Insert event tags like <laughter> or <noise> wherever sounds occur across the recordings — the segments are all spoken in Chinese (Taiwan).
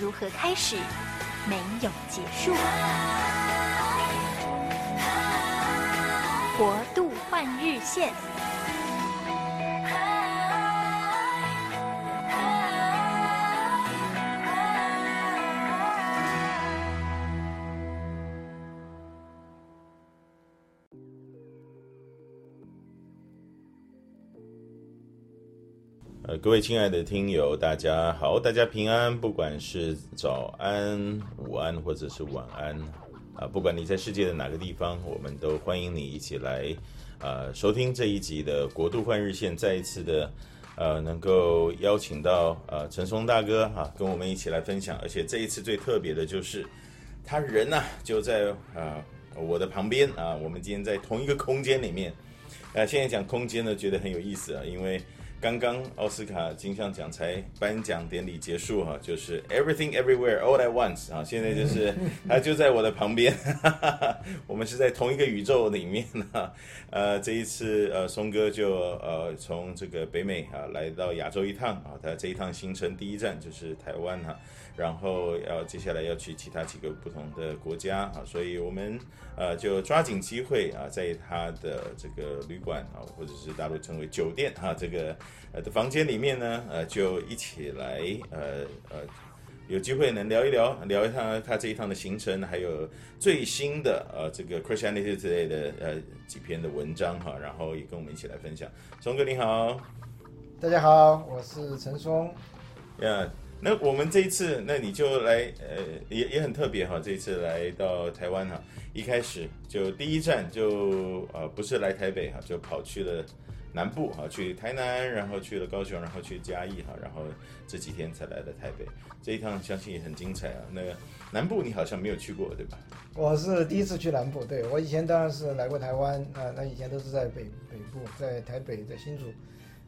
如何開始，沒有結束。國度換日線。各位親愛的聽友，大家好，大家平安。不管是早安、午安，或者是晚安，啊，不管你在世界的哪個地方，我們都歡迎你一起來，呃、啊，收聽這一集的《國度換日線》。再一次的，呃、啊，能夠邀請到呃程、啊、松大哥哈、啊，跟我們一起來分享。而且這一次最特別的就是，他人呢、啊、就在啊我的旁邊啊，我們今天在同一個空間裡面。那、啊、現在講空間呢，覺得很有意思啊，因為。剛剛奧斯卡金像獎才頒獎典禮結束哈、啊，就是 Everything Everywhere All at Once 啊，現在就是他就在我的旁邊哈哈哈哈，我們是在同一個宇宙裡面哈、啊，呃，這一次呃，松哥就呃從這個北美啊來到亞洲一趟啊，他這一趟行程第一站就是台灣哈。啊然後要接下來要去其他幾個不同的國家啊，所以我們呃就抓緊機會啊，在他的這個旅館啊，或者是大陸稱為酒店啊，這個呃的房間裡面呢，呃就一起來呃呃有機會能聊一聊，聊一下他這一趟的行程，還有最新的呃這個 Christianity 之類的呃幾篇的文章哈，然後也跟我們一起來分享。松哥你好，大家好，我是程松 y、yeah. 那我們這一次，那你就來，呃，也也很特別哈，這一次來到台灣哈，一開始就第一站就啊，呃，不是來台北哈，就跑去了南部哈，去台南，然後去了高雄，然後去嘉義哈，然後這幾天才來的台北，這一趟相信也很精彩啊。那南部你好像沒有去過，對吧？我是第一次去南部，對我以前當然是來過台灣啊，呃，那以前都是在北北部，在台北，在新竹。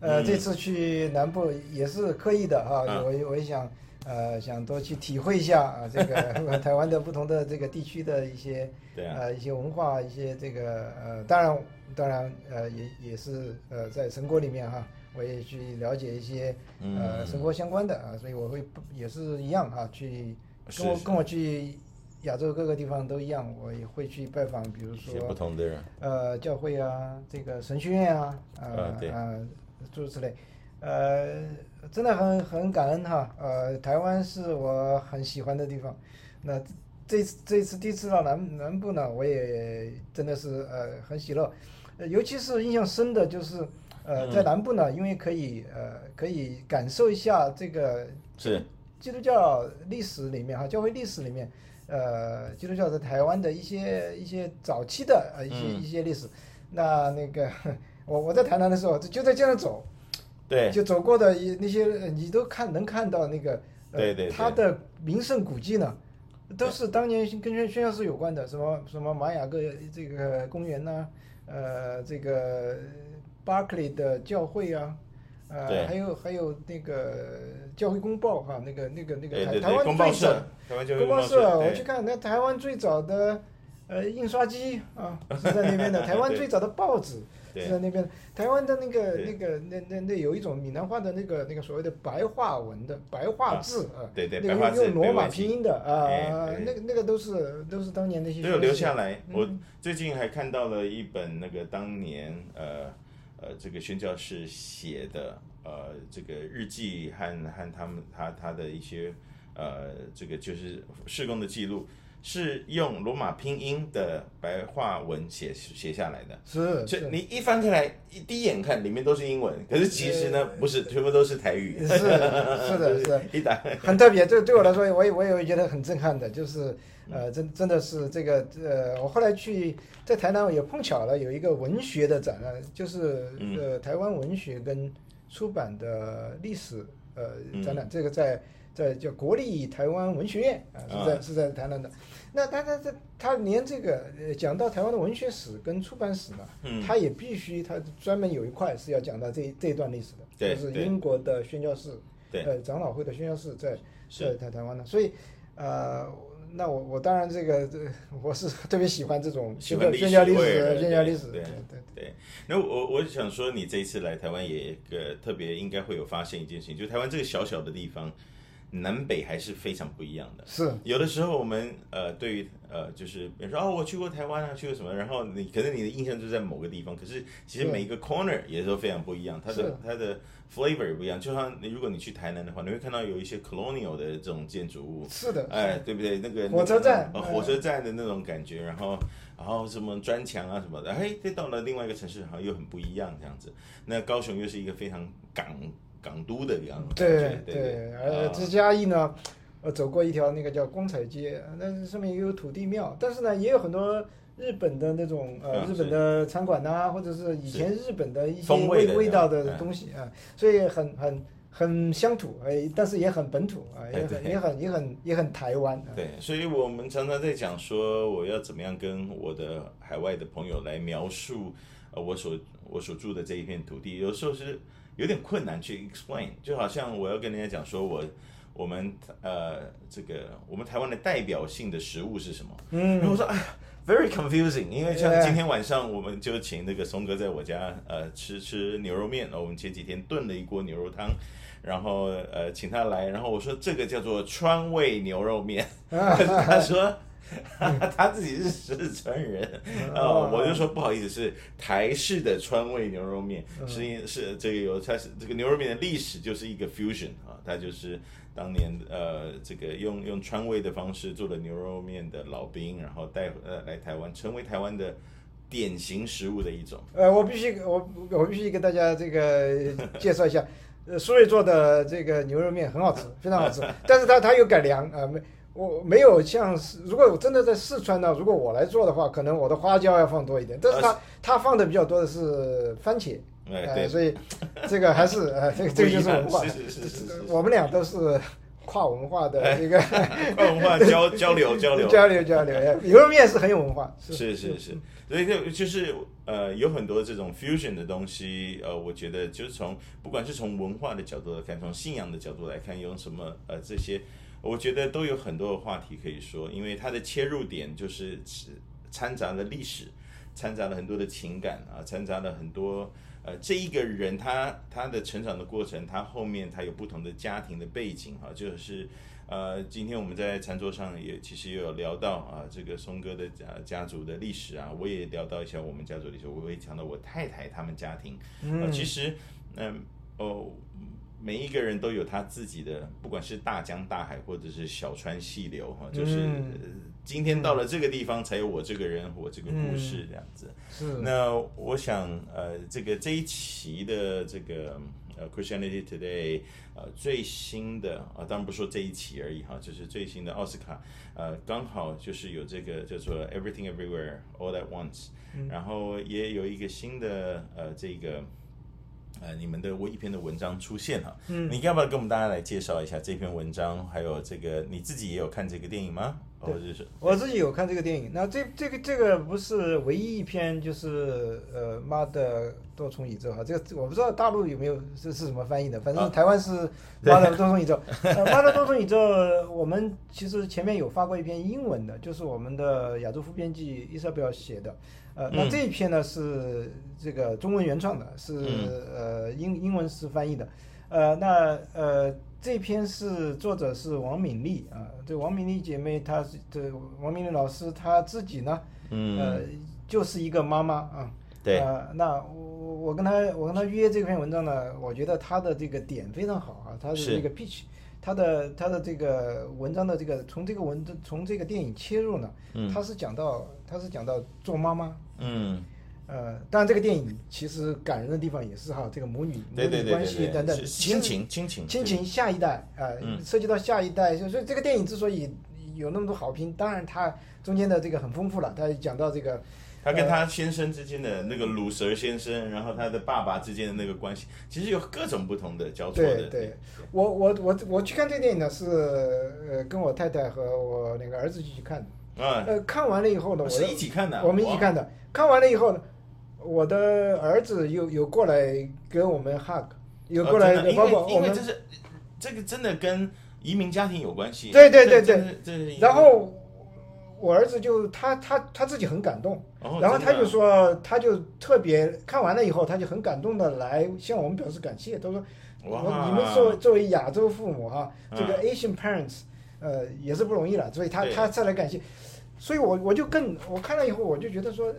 呃，這次去南部也是刻意的哈，我、嗯啊、我也想，呃，想多去體會一下啊，這個台灣的不同的這個地區的一些，對 <laughs> 呃，一些文化，一些這個呃，當然，當然，呃，也也是呃，在神國裡面哈、啊，我也去了解一些，呃神國相關的啊，所以我會也是一樣哈、啊，去跟我是是跟我去亞洲各個地方都一樣，我也會去拜訪，比如說不同的人，呃，教會啊，這個神學院啊，呃。對啊。對諸如此類，呃，真的很很感恩哈，呃，台灣是我很喜歡的地方，那這次這次第一次到南南部呢，我也真的是呃很喜樂，呃，尤其是印象深的，就是呃在南部呢，嗯、因為可以呃可以感受一下這個是基督教歷史裡面哈，是教會歷史裡面，呃，基督教在台灣的一些一些早期的呃一些、嗯、一些歷史，那那個。我我在台南的時候，就就在街上走，對，就走過的一那些你都看能看到那個，對對，對、呃，他的名勝古蹟呢，對都是當年跟宣宣教士有關的，什麼什麼瑪雅各這個公園吶、啊，呃，這個巴克利的教會呀、啊，呃，對還有還有那個教會公報哈、啊，那個那個那個台，對對對台灣公報社，台灣公報社，報社對我去看那台灣最早的呃印刷機啊是在那邊的， <laughs> 對台灣最早的報紙。在對那邊，台灣的那個、那個、那、那、那有一種閩南話的那個、那個所謂的白話文的白話字啊，對對，用、呃、用羅馬拼音的啊，那個、那個都是、呃、都是當年的那些都有留下來。嗯、我最近還看到了一本那個當年呃呃這個宣教士寫的呃這個日記和和他們他他的一些呃這個就是事工的記錄。是用羅馬拼音的白話文寫寫下來的，是，是，所以你一翻開來，一第一眼看裡面都是英文，可是其實呢，這不是，全部都是台語，是是的，是的，很特別，對，對我來說，我也我也覺得很震撼的，就是，呃，真真的是這個，呃，我後來去在台南也碰巧了，有一個文學的展覽，就是呃台灣文學跟出版的歷史呃展覽，嗯、這個在。在叫國立台灣文學院啊，是在是在台南的。那他他他他連這個呃講到台灣的文學史跟出版史呢，他也必須他專門有一塊是要講到這這一段歷史的，就是英國的宣教士，呃，長老會的宣教士在在台灣的。所以，呃，那我我當然這個，我是特別喜歡這種宣教歷史，宣教歷史，對對對。那我我想說，你這一次來台灣，也特別應該會有發現一件事情，就台灣這個小小的地方。南北還是非常不一樣的。是。有的時候我們呃，對於呃，就是比如說哦，我去過台灣啊，去過什麼，然後你可能你的印象就在某個地方，可是其實每一個 corner 也都非常不一樣，它的是它的 flavor 也不一樣。就像你如果你去台南的話，你會看到有一些 colonial 的這種建築物。是的。哎、呃，對不對？那個火車站，場啊、火車站的那種感覺，然後然後什麼磚牆啊什麼的，哎，再到了另外一個城市，好像又很不一樣這樣子。那高雄又是一個非常港。港都的樣子對。對對，啊、而這家一呢，呃，走過一條那個叫光彩街，但是上面也有土地廟，但是呢，也有很多日本的那種呃，是日本的餐館吶、啊，或者是以前日本的一些味味道的東西的啊，啊，所以很很很鄉土，呃，但是也很本土啊，也很對對也很也很也很，也很台灣。啊、對，所以我們常常在講說，我要怎麼樣跟我的海外的朋友來描述我所我所住的這一片土地，有時候是。有點困難去 explain，就好像我要跟人家講說我，我我們呃這個我們台灣的代表性的食物是什麼？嗯，然後我說哎呀，very confusing，因為像今天晚上我們就請那個松哥在我家呃吃吃牛肉麵，哦，我們前幾天燉了一鍋牛肉湯，然後呃請他來，然後我說這個叫做川味牛肉麵，啊，還是他說。嗯、他自己是四川人，呃、哦，我就說不好意思，是台式的川味牛肉麵，哦，是是這個有他是這個牛肉麵的歷史就是一個 fusion 啊，他就是當年呃這個用用川味的方式做的牛肉麵的老兵，然後帶呃來台灣，成為台灣的典型食物的一種。呃，我必須我我必須給大家這個介紹一下， <laughs> 呃，蘇瑞做的這個牛肉麵很好吃，非常好吃， <laughs> 但是他他有改良啊沒。呃我沒有像，如果我真的在四川呢，如果我來做的話，可能我的花椒要放多一點。但是他他放的比較多的是番茄，哎，所以這個還是這個這就是文化。是是是是。我們倆都是跨文化的這個跨文化交交流交流交流交流。牛肉麵是很有文化。是是是。所以就就是呃，有很多這種 fusion 的東西，呃，我覺得就是從不管是從文化的角度來看，從信仰的角度來看，有什麼呃這些。我覺得都有很多的話題可以說，因為它的切入點就是摻雜了歷史，摻雜了很多的情感啊，摻雜了很多呃，這一個人他他的成長的過程，他後面他有不同的家庭的背景哈、啊，就是呃，今天我們在餐桌上也其實也有聊到啊，這個松哥的家家族的歷史啊，我也聊到一下我們家族的歷史，我也講到我太太他們家庭、嗯、啊，其實嗯、呃、哦。每一個人都有他自己的，不管是大江大海，或者是小川細流，哈、嗯，就是今天到了這個地方，才有我這個人、嗯、我這個故事、嗯、這樣子。是那我想，呃，這個這一期的這個呃 Christianity Today，呃，最新的啊，當然不說這一期而已哈，就是最新的奧斯卡，呃，剛好就是有這個叫做 Everything Everywhere All at Once，、嗯、然後也有一個新的呃這個。呃，你們的微一篇的文章出現了，嗯、你要不要跟我們大家來介紹一下這篇文章？還有這個，你自己也有看這個電影嗎？我我自己有看這個電影。那這個、這個這個不是唯一一篇，就是呃，媽的多重宇宙哈。這個我不知道大陸有沒有是是什麼翻譯的，反正台灣是媽的多重宇宙。啊呃、媽的多重宇宙， <laughs> 我們其實前面有發過一篇英文的，就是我們的亞洲副編輯伊莎貝爾寫的。呃，那這一篇呢是這個中文原創的，是、嗯、呃英英文是翻譯的。呃，那呃。這篇是作者是王敏俐啊，這王敏俐姐妹她，她是這王敏俐老師，她自己呢，嗯、呃，就是一個媽媽啊。對、呃。那我我跟她我跟她約這篇文章呢，我覺得她的這個點非常好啊，她是那個 peach，她的她的這個文章的這個從這個文從這個電影切入呢，嗯、她是講到她是講到做媽媽嗯。呃，當然，這個電影其實感人的地方也是哈，這個母女母女關係等等，親情親情親情，下一代啊，涉及到下一代，所以這個電影之所以有那麼多好評，當然它中間的這個很豐富了，它講到這個，他跟他先生之間的那個魯蛇先生，然後他的爸爸之間的那個關係，其實有各種不同的交錯，對對，我我我我去看這電影呢，是，呃，跟我太太和我兩個兒子一起看的，啊，呃，看完了以後呢，我是一起看的，我們一起看的，看完了以後呢。我的兒子又又過來跟我們 hug，又過來，哦、包括我們這是，這個真的跟移民家庭有關係。對對對對，對對對然後我兒子就他他他自己很感動，哦、然後他就說的他就特別看完了以後他就很感動的來向我們表示感謝，他說，哇，你們作作為亞洲父母啊，嗯、這個 Asian parents，呃，也是不容易了，所以他對他再來感謝，所以我我就更我看了以後我就覺得說，誒。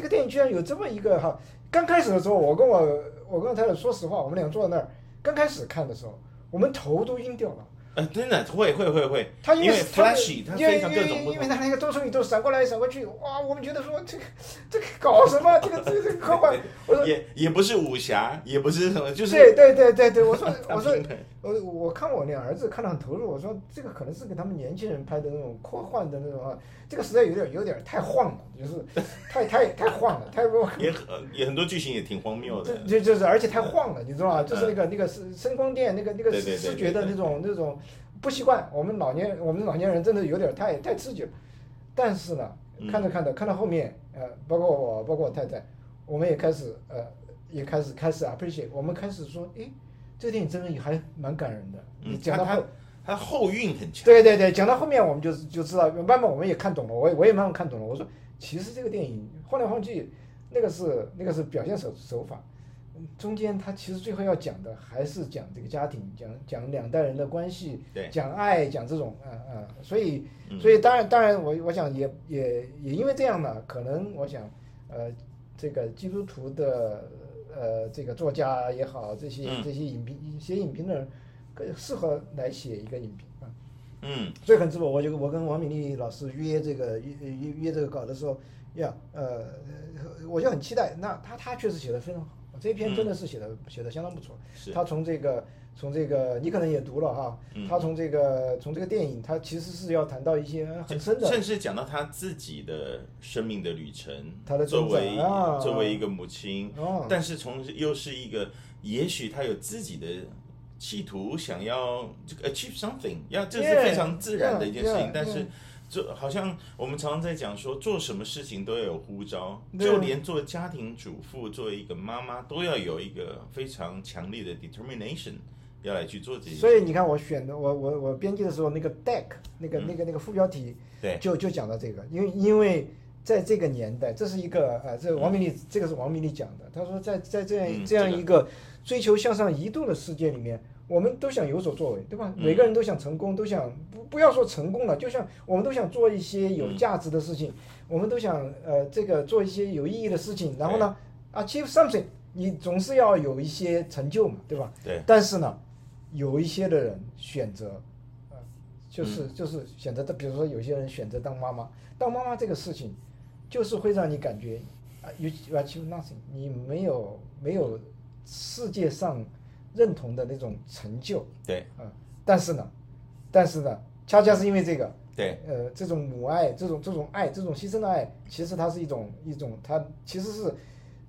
這個電影居然有這麼一個哈！剛開始的時候，我跟我我剛才說實話，我們倆坐在那兒，剛開始看的時候，我們頭都暈掉了。真的會會會會，他因為他因為因為因為他那個週作宇都閃過來閃過去，哇！我們覺得說這個這個搞什麼？這個這個科幻，我說也也不是武俠，也不是什麼，就是對對對對對，我說我說我我看我那兒子看得很投入，我說這個可能是給他們年輕人拍的那種科幻的那種啊，這個實在有點有點太晃了，就是太太太晃了，太弱。也也很多劇情也挺荒謬的，就就是而且太晃了，你知道吧，就是那個那個聲聲光電那個那個視覺的那種那種。不習慣，我們老年，我們老年人真的有點太太刺激了。但是呢，看着看着，看到後面，呃，包括我，包括我太太，我們也開始，呃，也開始開始 appreciate，我們開始說，哎，這個電影真的也還蠻感人的。嗯，你講到後，還後韻很，很強。對對對，講到後面我們就就知道，慢慢我們也看懂了，我也我也慢慢看懂了。我說，其實這個電影晃來晃去，那個是那個是表現手手法。中間他其實最後要講的還是講這個家庭，講講兩代人的關係，對講愛，講這種，啊、嗯，啊、嗯、所以，所以當然當然我，我我想也也也因為這樣呢，可能我想，呃，這個基督徒的呃這個作家也好，這些這些影評、嗯、寫影評的人更適合來寫一個影評啊。嗯，最、嗯、很自我，我就我跟王敏俐老師約這個約約這個稿的時候，呀，呃，我就很期待。那他他確實寫得非常好。這篇真的是寫的、嗯、寫的相當不錯。是他從這個從這個，你可能也讀了哈。嗯、他從這個從這個電影，他其實是要談到一些很深的，甚至講到他自己的生命的旅程。他的成長作，為、啊、作為一個母親，啊、但是從又是一個，也許他有自己的企圖，想要這個 achieve something，要這是非常自然的一件事情，但是、嗯。嗯嗯嗯這好像我們常常在講說，做什麼事情都要有呼召，對就連做家庭主婦、做一個媽媽，都要有一個非常強烈的 determination 要來去做這些。所以你看，我選的我我我編輯的時候，那個 deck 那個那個、那個、那個副標題，嗯、對，就就講到這個，因為因為在這個年代，這是一個啊、呃，這王敏俐、嗯、這個是王敏俐講的，他說在在在這樣、嗯、這樣一個追求向上移動的世界裡面。我們都想有所作為，對吧？嗯、每個人都想成功，都想不不要說成功了，就像我們都想做一些有價值的事情，嗯、我們都想呃，這個做一些有意義的事情。然後呢對，achieve something，你總是要有一些成就嘛，對吧？對。但是呢，有一些的人選擇，呃、就是、嗯、就是選擇，比如說有些人選擇當媽媽。當媽媽這個事情，就是會讓你感覺，啊、uh, you,，you achieve nothing，你沒有沒有世界上。認同的那種成就，對、呃，但是呢，但是呢，恰恰是因為這個，對，呃，這種母愛，這種這種愛，這種犧牲的愛，其實它是一種一種，它其實是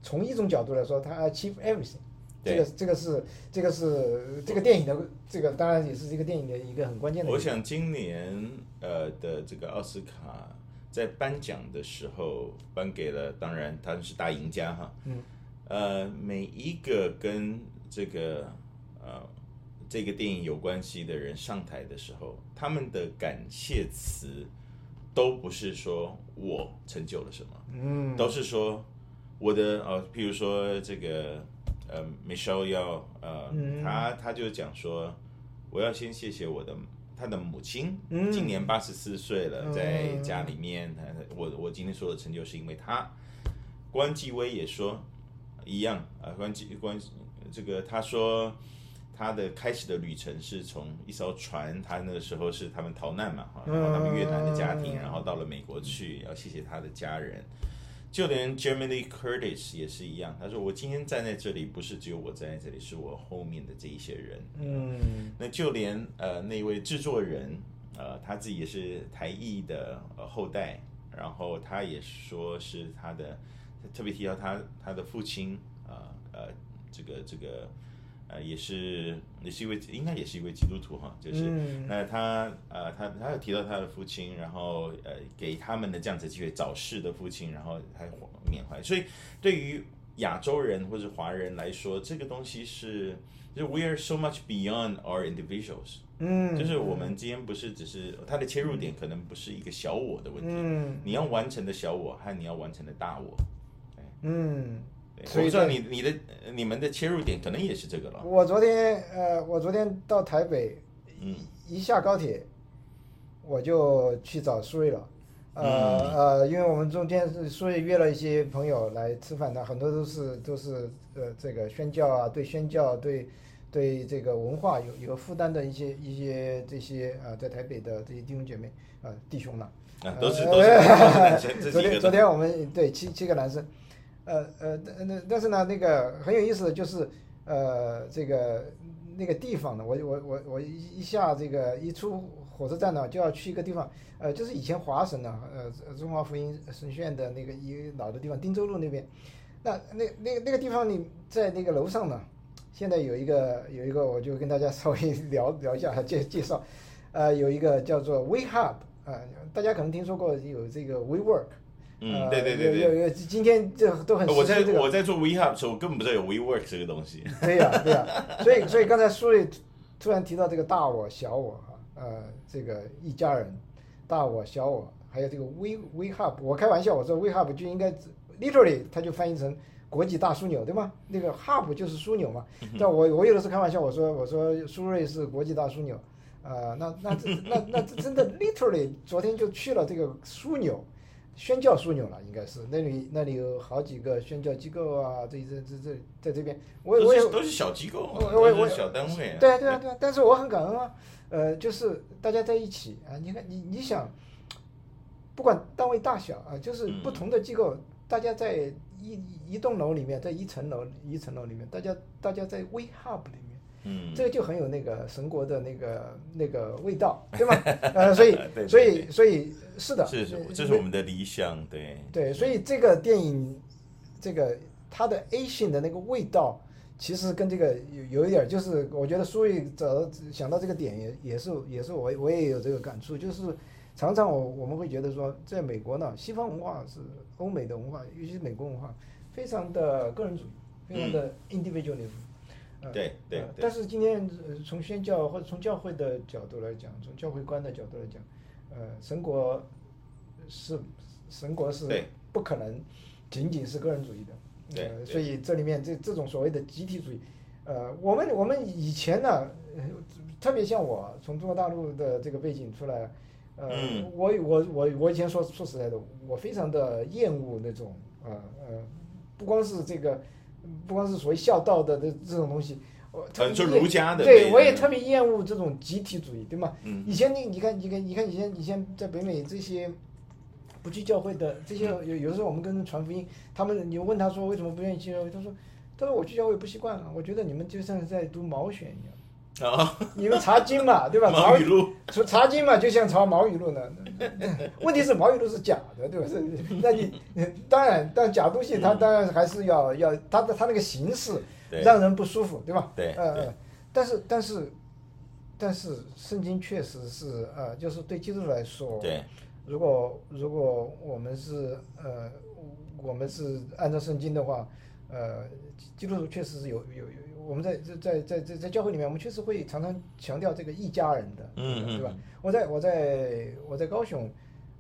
從一種角度來說，它 achieve everything，對、這個，這個這個是這個是這個電影的我這個當然也是這個電影的一個很關鍵的。我想今年的這個奧斯卡在頒獎的時候頒給了，當然他是大贏家哈，嗯，呃，每一個跟。這個呃，這個電影有關係的人上台的時候，他們的感謝詞都不是說我成就了什麼，嗯，都是說我的呃，譬如說這個呃，Michelle Yeoh 呃，要呃嗯、他他就講說我要先謝謝我的他的母親，嗯，今年八十四歲了，在家裡面，嗯、我我今天說的成就是因為他，關繼威也說一樣啊，關繼關。關這個，他說，他的開始的旅程是從一艘船，他那時候是他們逃難嘛，哈，然後他們越南的家庭，然後到了美國去，要謝謝他的家人，就連 Jamie Lee Curtis 也是一樣，他說，我今天站在這裡，不是只有我站在這裡，是我後面的這一些人，嗯，那就連呃那位制作人，呃他自己也是台裔的、呃、後代，然後他也說是他的特別提到他他的父親，呃。呃這個這個，呃，也是也是一位，應該也是一位基督徒哈，就是、嗯、那他呃，他他有提到他的父親，然後呃，給他們的這樣子的機會，早逝的父親，然後還緬懷，所以對於亞洲人或者華人來說，這個東西是就是 we are so much beyond our individuals，嗯，就是我們之間不是只是他的切入點，可能不是一個小我的問題，嗯，你要完成的小我和你要完成的大我，嗯。所以說，你你的你們的切入點可能也是這個了。我昨天，呃，我昨天到台北，嗯，一下高鐵，我就去找蘇瑞了。呃呃，因為我們中間是蘇瑞約了一些朋友來吃飯的，很多都是都是呃這個宣教啊，對宣教對對這個文化有有負擔的一些一些，一些這些啊、呃，在台北的這些弟兄姐妹啊、呃、弟兄呢，啊都是都是昨天昨天我們對七七個男生。呃呃，但、呃、但但是呢，那個很有意思的就是，呃，這個那個地方呢，我我我我一一下這個一出火車站呢，就要去一個地方，呃，就是以前華神呢，呃，中華福音神學院的那個一老的地方，汀州路那邊。那那那那個地方，你在那個樓上呢，現在有一個有一個，我就跟大家稍微聊聊一下介介紹，呃，有一個叫做 WeHub 呃，大家可能聽說過有這個 WeWork。嗯，對對對對，呃、今天這都很、這個我。我在我在做 WeHub 的時候，根本不知道有 WeWork 這個東西。對呀、啊，對呀、啊， <laughs> 所以所以剛才書睿突然提到這個大我小我呃，這個一家人，大我小我，還有這個 We WeHub，我開玩笑我說 WeHub 就應該 literally 它就翻譯成國際大樞紐對嗎？那個 Hub 就是樞紐嘛。但我我有的時候開玩笑我說我說書睿是國際大樞紐，呃，那那這那那這真的 literally 昨天就去了這個樞紐。宣教樞紐了，應該是那裡那裡有好幾個宣教機構啊，這這這這在這邊，我也我都，都是小機構，啊，我是小單位，啊。對啊對啊對啊，對但是我很感恩啊，呃，就是大家在一起啊，你看你你想，不管單位大小啊，就是不同的機構，嗯、大家在一一棟樓裡面，在一層樓一層樓裡面，大家大家在 We Hub 裡面。嗯，這個就很有那個神國的那個那個味道，對嗎？呃，所以 <laughs> 對對對，所以所以是的，是，是這是我們的理想，那對。對，是所以這個電影，這個它的 Asian 的那個味道，其實跟這個有有一點，就是我覺得書睿找到想到這個點也也是也是我我也有這個感觸，就是常常我我們會覺得說，在美國呢，西方文化是歐美的文化，尤其是美國文化，非常的個人主義，非常的 individualism，嗯。對對，對、呃，但是今天、呃、從宣教或者從教會的角度來講，從教會觀的角度來講，呃，神國是神國是不可能對僅僅是個人主義的，呃，所以這裡面這這種所謂的集體主義，呃，我們我們以前呢，呃、特別像我從中國大陸的這個背景出來，呃，嗯、我我我我以前說說實在的，我非常的厭惡那種，呃呃，不光是這個。不光是所謂孝道的這這種東西，我儒家的，對，對我也特別厭惡這種集體主義，對嗎？嗯、以前你你看你看你看以前以前在北美這些不去教會的這些有、嗯、有時候我們跟傳福音，他們你問他說為什麼不願意去教會，他說他說，我去教會不習慣了、啊，我覺得你們就像是在讀毛選一樣。啊，你們查經嘛，對吧？毛語錄。查經嘛，就像查毛語錄呢。 <laughs> 問題是《毛語錄》是假的，對吧？ <laughs> 那你當然，但假東西它當然還是要要它的它那個形式讓人不舒服，對吧？對，嗯，但是但是但是聖經確實是呃就是對基督徒來說，對，如果如果我們是呃，我們是按照聖經的話，呃，基督徒確實是有有有。我們在在在在在教會裡面，我們確實會常常強調這個一家人的，對吧？嗯嗯、我在我在我在高雄，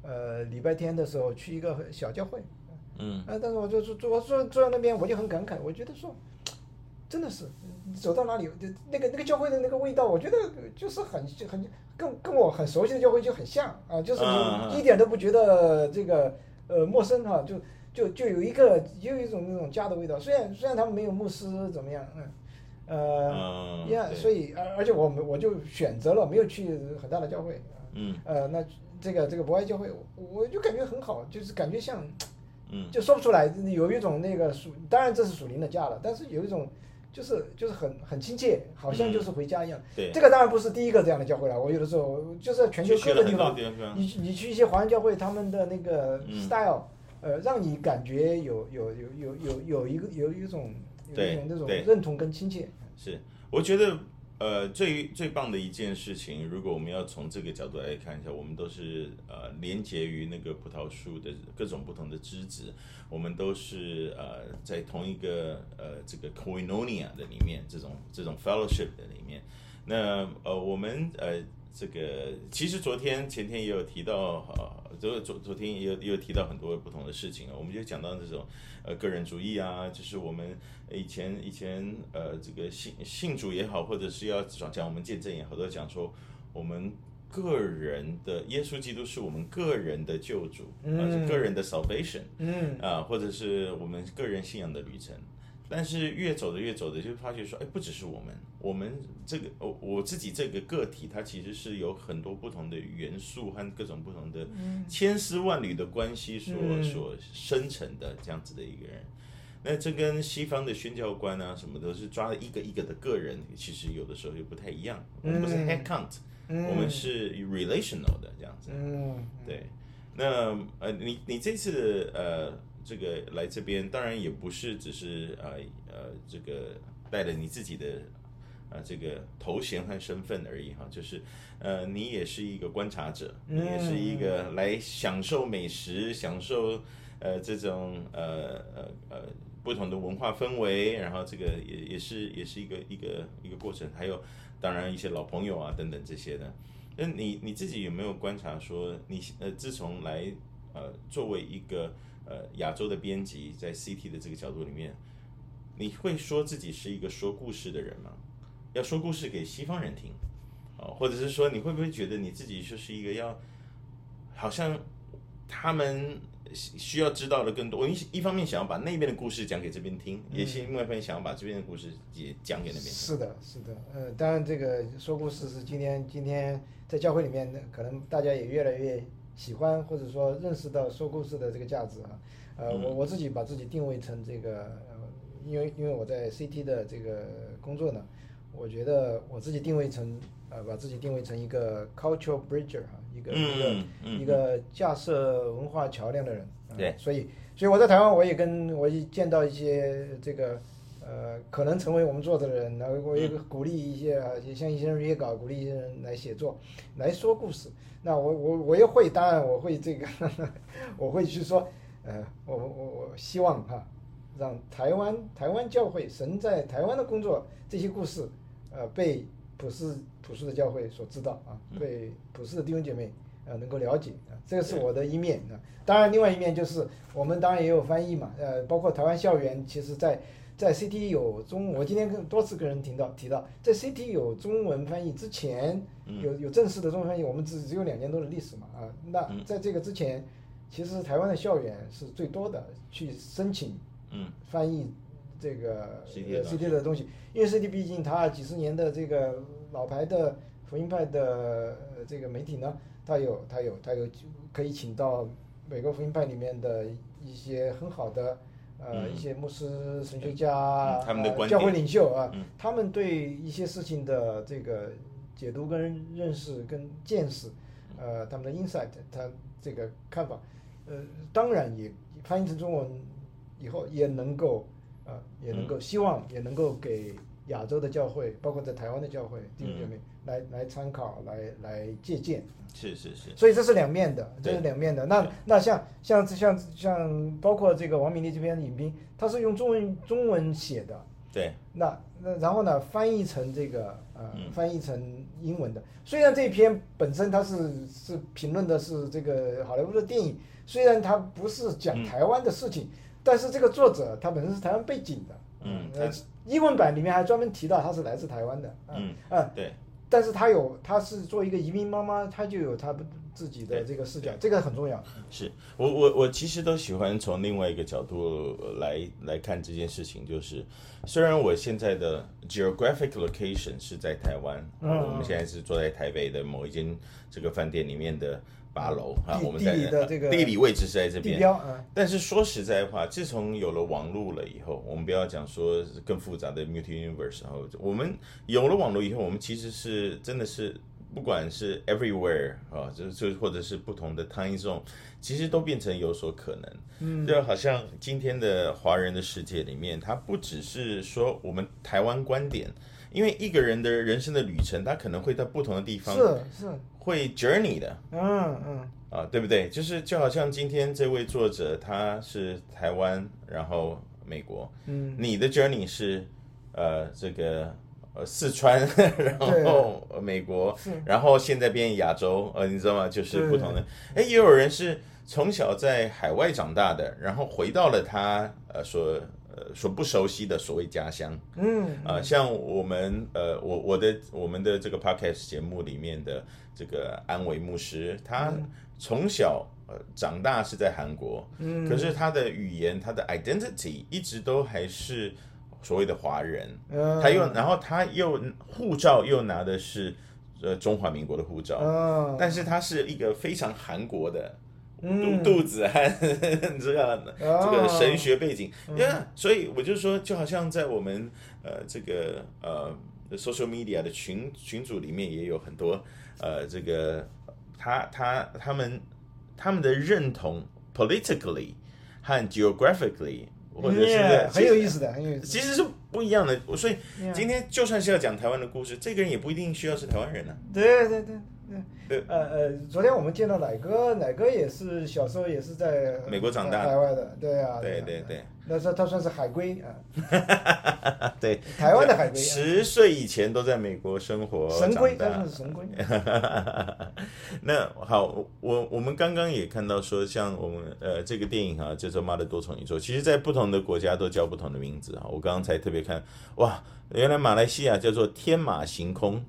呃，禮拜天的時候去一個小教會，嗯、呃，但是我就我坐坐坐坐在那邊，我就很感慨，我覺得說，真的是走到哪裡，那個那個教會的那個味道，我覺得就是很就很跟跟我很熟悉的教會就很像啊，就是你一點都不覺得這個呃陌生哈、啊，就就就有一個也有一種那種家的味道，雖然雖然他們沒有牧師怎麼樣，嗯。呃，呀，所以而而且我們我就選擇了沒有去很大的教會，嗯，呃，那這個這個博愛教會我，我就感覺很好，就是感覺像，嗯、就說不出來，有一種那個屬，當然這是屬靈的家了，但是有一種就是就是很很親切，好像就是回家一樣，嗯、對，這個當然不是第一個這樣的教會了，我有的時候就是在全球各個地方，你去你去一些華人教會，他們的那個 style，、嗯、呃，讓你感覺有有有有有，有一個有一種。對，認同跟親切。是，我覺得，呃，最最棒的一件事情，如果我們要從這個角度來看一下，我們都是呃，連接於那個葡萄樹的各種不同的枝子，我們都是呃，在同一個呃這個 koinonia 的裡面，這種這種 Fellowship 的裡面，那呃，我們呃。這個其實昨天、前天也有提到，啊，昨昨昨天也有也有提到很多不同的事情啊。我們就講到這種，呃，個人主義啊，就是我們以前以前，呃，這個信信主也好，或者是要講講我們見證也好，都講說我們個人的耶穌基督是我們個人的救主，嗯，啊，就是個人的 salvation，嗯，啊，或者是我們個人信仰的旅程。但是越走的越走的，就發覺說，哎，不只是我們，我們這個我我自己這個個體，它其實是有很多不同的元素和各種不同的千絲萬縷的關係所所生成的這樣子的一個人。那這跟西方的宣教觀啊，什麼都是抓了一個一個的個人，其實有的時候就不太一樣。我們不是 head count，我們是 relational 的這樣子。對，那呃，你你這次呃。這個來這邊當然也不是只是呃呃這個帶着你自己的呃這個頭銜和身份而已哈，就是呃你也是一個觀察者，mm hmm. 你也是一個來享受美食、享受呃這種呃呃呃不同的文化氛圍，然後這個也也是也是一個一個一個過程，還有當然一些老朋友啊等等這些的。那你你自己有沒有觀察說你呃自從來呃作為一個？呃，亞洲的編輯在 CT 的這個角度裡面，你會說自己是一個說故事的人嗎？要說故事給西方人聽，哦，或者是說你會不會覺得你自己就是一個要好像他們需要知道的更多？我一一方面想要把那邊的故事講給這邊聽，嗯、也是一方面想要把這邊的故事也講給那邊。是的，是的，呃，當然這個說故事是今天今天在教會裡面，可能大家也越來越。喜歡或者說認識到說故事的這個價值啊，呃，我我自己把自己定位成這個，呃、因為因為我在 CT 的這個工作呢，我覺得我自己定位成呃，把自己定位成一個 cultural bridge、啊、一個、嗯、一個、嗯、一個架設文化橋樑的人。啊、對，所以所以我在台灣我也跟我也見到一些這個。呃，可能成為我們作者的人，那我也鼓勵一些，啊、也向一些人約稿，鼓勵一些人來寫作，來說故事。那我我我也會，當然我會這個，呵呵我會去說，呃，我我我希望哈、啊，讓台灣台灣教會神在台灣的工作這些故事，呃，被普世普世的教會所知道啊，被普世的弟兄姐妹呃能夠了解啊，這個、是我的一面啊。當然，另外一面就是我們當然也有翻譯嘛，呃，包括台灣校園，其實在。在 CT 有中文，我今天跟多次跟人提到提到，在 CT 有中文翻譯之前，有有正式的中文翻譯，我們只只有兩年多的歷史嘛啊，那在這個之前，其實台灣的校園是最多的去申請翻譯這個 CT 的東西，因為 CT 畢竟它幾十年的這個老牌的福音派的、呃、這個媒體呢，它有它有它有可以請到美國福音派裡面的一些很好的。呃，一些牧師神學家、嗯他們的呃、教會領袖啊、呃，他們對一些事情的這個解讀、跟認識、跟見識，呃，他們的 insight，他這個看法，呃，當然也翻譯成中文以後也、呃，也能夠，呃，也能夠，希望也能夠給亞洲的教會，包括在台灣的教會弟兄姐妹。來來參考，來來借鑑，是是是，所以這是兩面的，這是兩面的。那那像像像像包括這個王敏俐這邊的影評，他是用中文中文寫的，對。那那然後呢，翻譯成這個呃翻譯成英文的。雖然這篇本身他是是評論的是這個好萊塢的電影，雖然他不是講台灣的事情，但是這個作者他本身是台灣背景的，嗯，英文版裡面還專門提到他是來自台灣的，嗯嗯對。但是她有，她是做一個移民媽媽，她就有她自己的這個視角，這個很重要。是我我我其實都喜歡從另外一個角度來來看這件事情，就是雖然我現在的 geographic location 是在台灣，嗯，嗯，我們現在是坐在台北的某一間這個飯店裡面的。八樓地啊，我們在這個地理位置是在這邊。啊，但是說實在話，自從有了網絡了以後，我們不要講說更複雜的 multiverse，然後我們有了網絡以後，我們其實是真的是不管是 everywhere 啊，就就或者是不同的 time zone，其實都變成有所可能。嗯，就好像今天的華人的世界裡面，它不只是說我們台灣觀點，因為一個人的人生的旅程，他可能會在不同的地方。是是。是會 journey 的，嗯、啊、嗯，啊，對不對？就是就好像今天這位作者，他是台灣，然後美國，嗯，你的 journey 是呃這個呃四川，然後美國，啊、然後現在變亞洲，呃，你知道嗎？就是不同的。哎對，也有人是從小在海外長大的，然後回到了他呃說。呃，所不熟悉的所謂家鄉、嗯，嗯，啊、呃，像我們，呃，我我的我們的這個 podcast 節目裡面的這個安偉牧師，他從小呃長大是在韓國，嗯，可是他的語言、他的 identity 一直都還是所謂的華人，嗯、他又，然後他又護照又拿的是呃中華民國的護照，嗯、但是他是一個非常韓國的。肚肚子和這個這個神學背景，對、嗯、啊，所以我就說，就好像在我們呃這個呃 social media 的群群組裡面，也有很多呃這個他他他們他們的認同 politically 和 geographically，我覺得是是、嗯、其實很有意思的，很有意思，其實是不一樣的。所以今天就算是要講台灣的故事，嗯、這個人也不一定需要是台灣人呢、啊。對對對。呃對呃，昨天我們見到奶哥，奶哥也是小時候也是在美國長大的，呃，海外的，對啊，對對對。對。他說他算是海龜啊， <laughs> 對，台灣的海龜、啊，十歲以前都在美國生活，神龜，他算是神龜。 <laughs> 那好，我我們剛剛也看到說，像我們呃這個電影哈、啊，叫做《媽的多重宇宙》一，其實在不同的國家都叫不同的名字哈、啊，我剛剛才特別看，哇，原來馬來西亞叫做天馬行空， <laughs>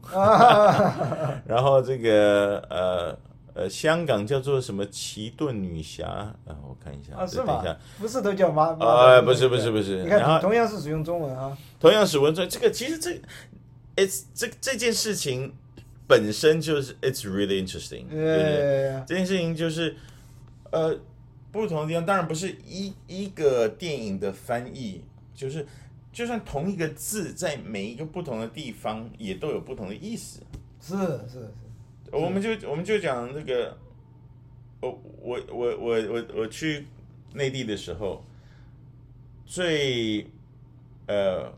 <laughs> <laughs> 然後這個呃。呃，香港叫做什麼“奇頓女俠”啊？我看一下，啊、是等一下，不是都叫媽？哎不是，不是，不是。你看然後，同樣是使用中文啊，同樣是文字，這個其實這個，it's 這這，這件事情本身就是 it's really interesting yeah，就是。對對，這件事情就是呃，不同的地方，當然不是一一個電影的翻譯，就是就算同一個字，在每一個不同的地方也都有不同的意思。是是。是。我們就我們就講這個，我我我我我我去內地的時候，最呃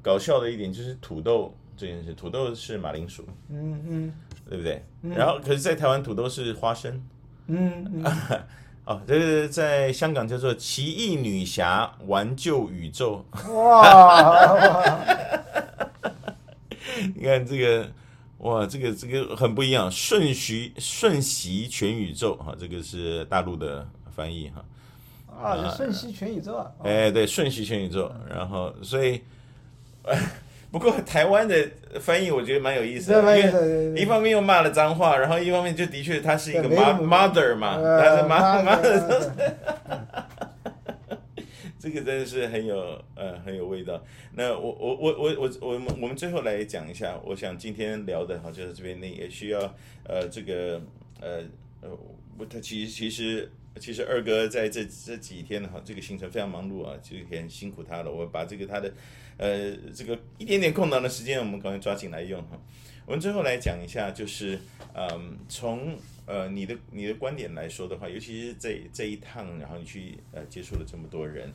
搞笑的一點就是土豆這件事，土豆是馬鈴薯，嗯嗯，嗯對不對？嗯、然後可是，在台灣土豆是花生，嗯，嗯 <laughs> 哦，對對，對對，在香港叫做奇異女俠，玩救宇宙，哇， <laughs> 哇 <laughs> 你看這個。哇，這個這個很不一樣，瞬息瞬息全宇宙哈，這個是大陸的翻譯哈。啊，瞬、啊、息全宇宙啊！哦、哎，對，瞬息全宇宙，然後所以，哎、不過台灣的翻譯我覺得蠻有意思的，對因為一方面又罵了髒話，然後一方面就的確他是一個媽 mother 嘛，他、呃、是媽媽。這個真的是很有呃，很有味道。那我我我我我我們我們最後來講一下，我想今天聊的哈，就是這邊那也需要呃，這個呃呃，我他其實其實其實二哥在這這幾天哈，這個行程非常忙碌啊，就有點辛苦他了。我把這個他的呃這個一點點空檔的時間我們趕快抓緊來用哈。我們最後來講一下，就是嗯、呃、從呃你的你的觀點來說的話，尤其是這這一趟，然後你去呃接觸了這麼多人，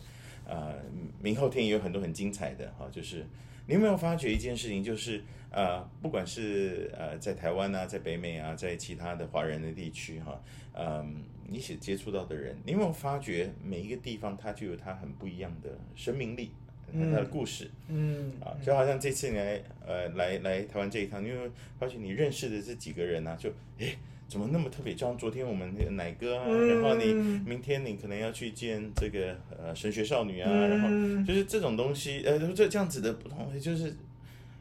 啊、呃，明後天也有很多很精彩的哈，就是你有沒有發覺一件事情？就是啊、呃，不管是呃在台灣啊，在北美啊，在其他的華人的地區哈、啊，嗯、呃，你所接觸到的人，你有沒有發覺每一個地方它就有它很不一樣的生命力和它的故事，嗯，嗯啊，就好像這次你來呃來來台灣這一趟，你有沒有發覺你認識的這幾個人呢、啊？就誒。怎麼那麼特別？就像昨天我們那個奶哥啊，嗯、然後你明天你可能要去見這個呃神學少女啊，嗯、然後就是這種東西，呃，這這樣子的不同就是，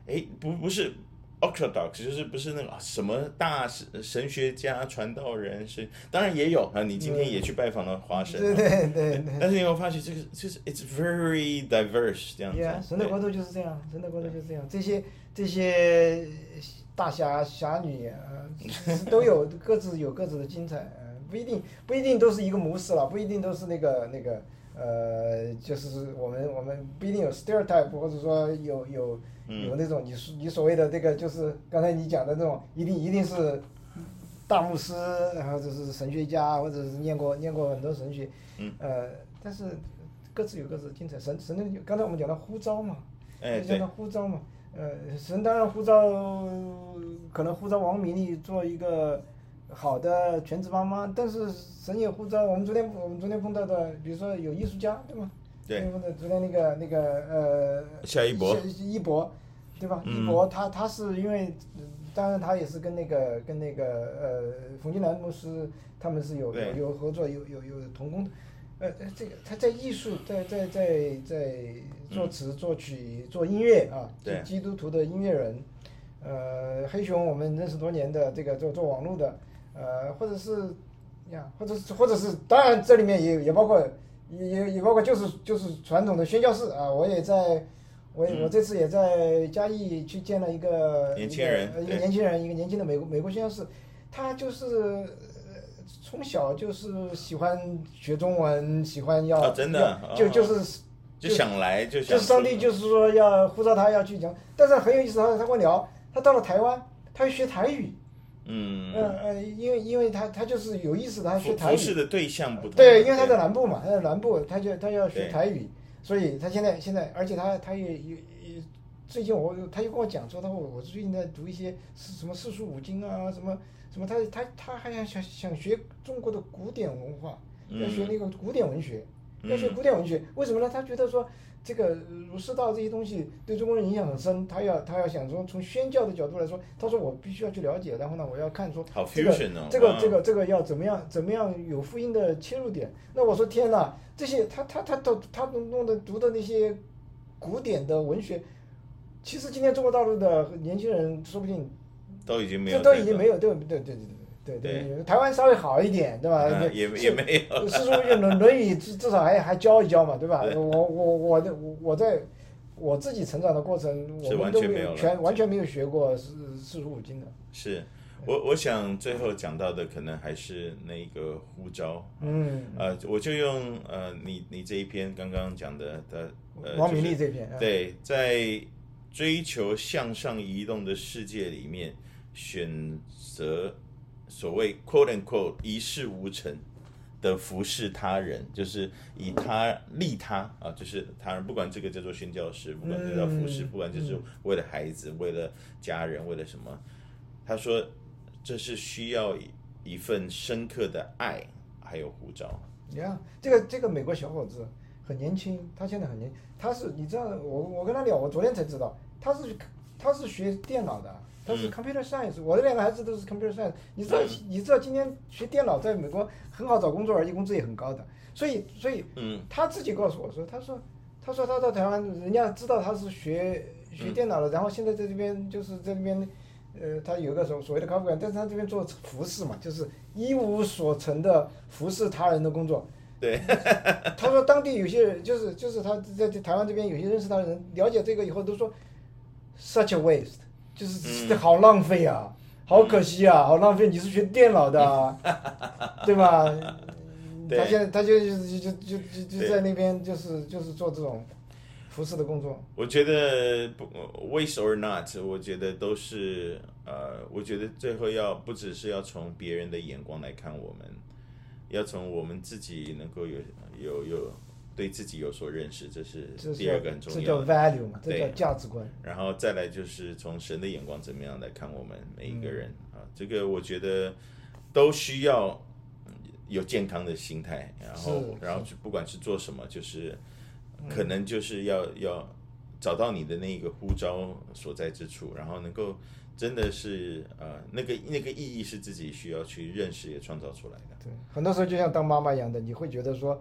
誒，不不是 orthodox 就是不是那個、啊、什麼大神神學家傳道人是，當然也有啊，你今天也去拜訪了華神、啊嗯，對對對，對但是你會發現這個就是、就是、it's very diverse 這樣子。神的國度就是這樣，神的國度就是這樣，這些這些。大俠、俠女，嗯、呃，都有各自有各自的精彩，嗯、 <laughs> 呃，不一定不一定都是一個模式了，不一定都是那個那個，呃，就是我們我們不一定有 stereotype，或者說有有有那種你你所謂的這個就是剛才你講的那種，一定一定是大牧師，然後就是神學家，或者是念過念過很多神學，呃，但是各自有各自精彩，神神那剛才我們講的呼召嘛，就叫、哎、對，呼召嘛。呃，神當然呼召可能呼召王敏俐做一個好的全職媽媽，但是神也呼召。我們昨天我們昨天碰到的，比如說有藝術家，對嗎？對。昨天那個那個呃，夏一博，一博，對吧？一博、嗯、他他是因為，當然他也是跟那個跟那個呃馮金蘭公司，他們是有對有合作有有有同工。呃,呃，這個他在藝術，在在在在作詞、作曲、做音樂啊，嗯、對，基督徒的音樂人，呃，黑熊我們認識多年的這個做做網絡的，呃，或者是，呀，或者是或者是，當然這裡面也也包括也也也包括就是就是傳統的宣教士啊，我也在，我、嗯、我這次也在嘉義去見了一個年輕人，一個對年輕人，一個年輕的美國美國宣教士，他就是。從小就是喜歡學中文，喜歡要，啊、真的、啊，就、哦、就是就想來就想。就是上帝就是說要呼召他要去講，嗯、但是很有意思，他他跟我聊，他到了台灣，他要學台語。嗯嗯嗯、呃，因為因為他他就是有意思的，他學台語，的對象不同、呃、對，因為他在南部嘛，他在南部，他就他要學台語，對所以他現在現在，而且他他也也也最近我他又跟我講說，他說我最近在讀一些四什麼四書五經啊什麼。什麼他？他他他還想想想學中國的古典文化，要學那個古典文學，嗯、要學古典文學，為什麼呢？他覺得說這個儒釋道這些東西對中國人影響很深，他要他要想說從宣教的角度來說，他說我必須要去了解，然後呢，我要看說這個好、哦、這個這個、這個、這個要怎麼樣怎麼樣有福音的切入點。那我說天哪，這些他他他他他弄的讀的那些古典的文學，其實今天中國大陸的年輕人說不定。都已經沒有，這都已經沒有，對對對對對，台灣稍微好一點，對吧？也也沒有四書五經《論論語》至至少還還教一教嘛，對吧？我我我我我在我自己成長的過程，我完全沒有全完全沒有學過四四書五經的。是，我我想最後講到的可能還是那個呼召，嗯，呃，我就用呃你你這一篇剛剛講的的王敏俐這篇，對，在追求向上移動的世界裡面。選擇所謂 “quote unquote” 一事無成的服侍他人，就是以他利他啊，就是他人，不管這個叫做宣教師，不管這個叫服侍，不管就是為了孩子，為了家人，為了什麼？他說這是需要一份深刻的愛，還有呼召、嗯。你、嗯、看，這個這個美國小伙子很年輕，他現在很年，他是你知道我我跟他聊，我昨天才知道他是他是學電腦的，他是 computer science、嗯。我的兩個孩子都是 computer science。你知道，嗯、你知道今天學電腦在美國很好找工作，而且工資也很高的。所以，所以，嗯、他自己告訴我說，他說，他說他到台灣，人家知道他是學學電腦的，嗯、然後現在在這邊就是在這邊，呃，他有個所謂的高管，但是他這邊做服事嘛，就是一無所成的服事他人的工作。對。 <laughs> 他說當地有些人就是就是他在，在台灣這邊有些認識他的人了解這個以後都說。Such a waste，就是、嗯、好浪費啊，好可惜啊，好浪費！你是學電腦的，對吧？他現在他就就就就就在那邊就是對就是做這種，服侍的工作。我覺得不，waste or not，我覺得都是呃，我覺得最後要不只是要從別人的眼光來看我們，要從我們自己能夠有有有。有對自己有所認識，這是第二個很重要的，這叫 value 嘛，這叫價值觀。然後再來就是從神的眼光怎麼樣來看我們每一個人啊，這個我覺得都需要有健康的心態，然後然後去不管是做什麼，就是可能就是要要找到你的那個呼召所在之處，然後能夠真的是呃、啊、那個那個意義是自己需要去認識也創造出來的。對，很多時候就像當媽媽一樣的，你會覺得說，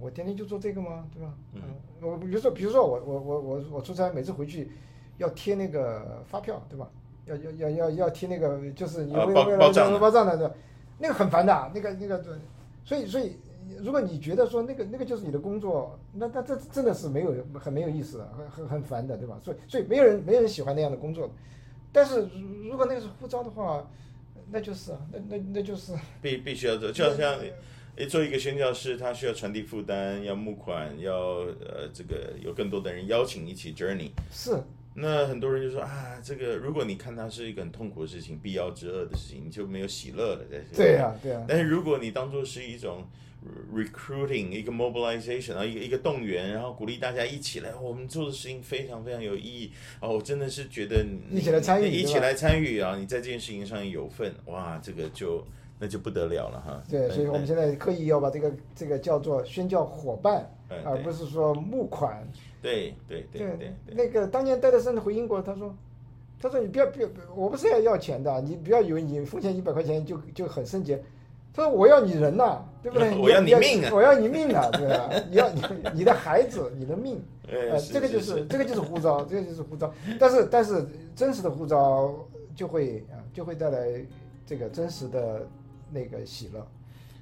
我天天就做這個嘛？對吧？嗯，我比如說，比如說我我我我我出差，每次回去要貼那個發票，對吧？要要要要要貼那個，就是你為了為了報賬的對吧？那個很煩的，那個那個，對。所以所以，如果你覺得說那個那個就是你的工作，那那這真的是沒有很沒有意思的，很很很煩的，對吧？所以所以沒有人沒有人喜歡那樣的工作，但是如果那個是呼召的話，那就是那那那就是必必須要做，就是這樣的。誒，做一個宣教士，他需要傳遞負擔，要募款，要呃，這個有更多的人邀請一起 journey。是。那很多人就說啊，這個如果你看他是一個很痛苦的事情，必要之惡的事情，你就沒有喜樂了，對不對？對啊，對啊。但是如果你當做是一種 recruiting，一個 mobilization 啊，一個一個動員，然後鼓勵大家一起來，我們做的事情非常非常有意義。哦，我真的是覺得你一，起一起來參與，一起來參與啊，你在這件事情上有份，哇，這個就。那就不得了了哈！對，所以我們現在刻意要把這個這個叫做宣教夥伴，而不是說募款。對對對對，那個當年戴德生回英國，他說：“他說你不要不要，我不是要要錢的，你不要以為你奉獻一百塊錢就就很聖潔。他說我要你人吶，對不對？我要你命我要你命啊！對吧？要你你的孩子，你的命。呃，這個就是這個就是呼召，這個就是呼召。但是但是真實的呼召就會就會帶來這個真實的。”那個喜樂，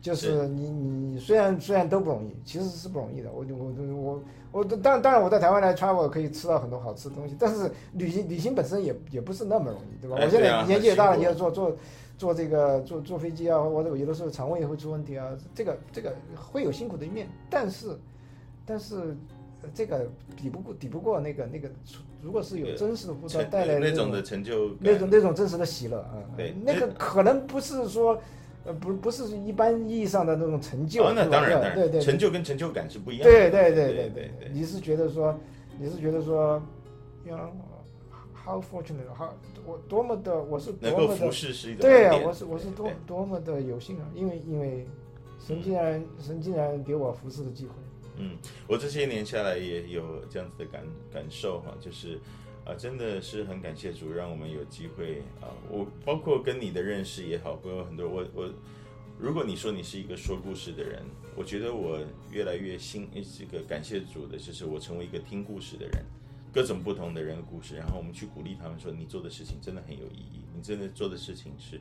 就是你你雖然雖然都不容易，其實是不容易的。我我我我，當然當然，我在台灣來 travel，我可以吃到很多好吃的東西。但是旅行旅行本身也也不是那麼容易，對吧？哎對啊、我現在年紀也大了，你要坐坐坐這個坐坐飛機啊，我我有的時候腸胃也會出問題啊。這個這個會有辛苦的一面，但是但是這個抵不過抵不過那個那個，如果是有真實的呼召帶來的那種，呃、那種的成就，那種那種真實的喜樂啊，呃、對那個可能不是說。呃，不不是一般意義上的那種成就。哦、那當然，當然對對，成就跟成就感是不一樣的。對對對對對、對、對、對你是覺得說，你是覺得說，you know how fortunate，how，我多麼的，我是多麼的能夠服侍是一種對呀、啊，我是我是多多麼的有幸啊，因為因為神竟然，嗯、神竟然給我服侍的機會。嗯，我這些年下來也有這樣子的感感受哈，就是。啊、呃，真的是很感謝主，讓我們有機會啊、呃！我包括跟你的認識也好，包括很多我我，如果你說你是一個說故事的人，我覺得我越來越新，這個感謝主的就是我成為一個聽故事的人，各種不同的人的故事，然後我們去鼓勵他們說，你做的事情真的很有意義，你真的做的事情是，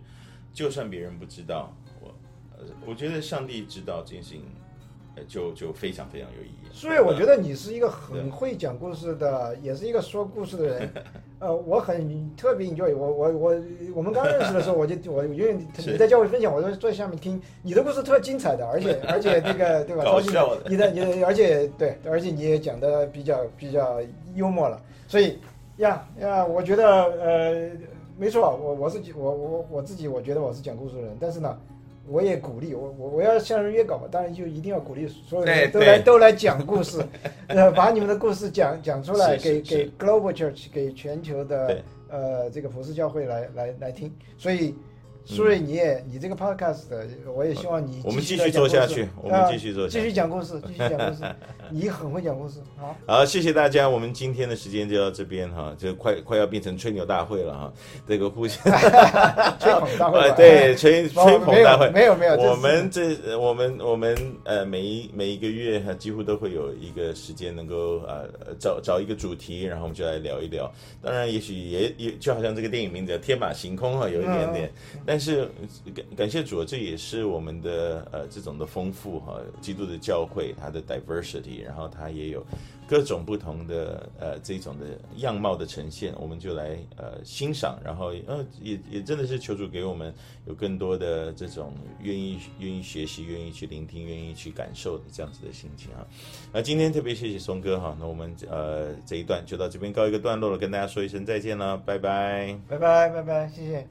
就算別人不知道，我，呃，我覺得上帝知道這件事情。就就非常非常有意義、啊，所以我覺得你是一個很會講故事的，嗯、也是一個說故事的人。對呃，我很特別 enjoy，你就我我我我們剛認識的時候，我就我因為你在教會分享，是我就坐在下面聽你的故事特精彩的，而且而且這個對吧？搞笑的你的你的，而且對，而且你也講的比較比較幽默了。所以呀呀，yeah, yeah, 我覺得呃沒錯，我我自己我我我自己我覺得我是講故事的人，但是呢。我也鼓勵我我我要向人約稿嘛，當然就一定要鼓勵所有人，都來都來講故事， <laughs> 把你們的故事講講出來，給給 Global Church 給全球的對呃這個普世教會來來來聽，所以。書睿，嗯、你也你這個 podcast，我也希望你我們繼續，繼續做下去，我們那繼續做下去，繼續講故事，繼續講故事。 <laughs> 你很會講故事，好、啊。好，謝謝大家，我們今天的時間就到這邊哈，就快快要變成吹牛大會了哈。這個互相吹捧大會，對，吹吹捧大會，沒有沒有。我們這我們我們呃，每一每一個月幾乎都會有一個時間能夠啊、呃，找找一個主題，然後我們就來聊一聊。當然，也許也也就好像這個電影名字叫《天馬行空》哈，有一點點。嗯但是感感謝主啊，這也是我們的呃這種的豐富哈啊，基督的教會它的 diversity，然後它也有各種不同的呃這種的樣貌的呈現，我們就來呃欣賞，然後呃也也真的是求主給我們有更多的這種願意願意學習、願意去聆聽、願意去感受的這樣子的心情啊。那今天特別謝謝松哥哈啊，那我們呃這一段就到這邊告一個段落了，跟大家說一聲再見了，拜拜，拜拜拜拜，謝謝。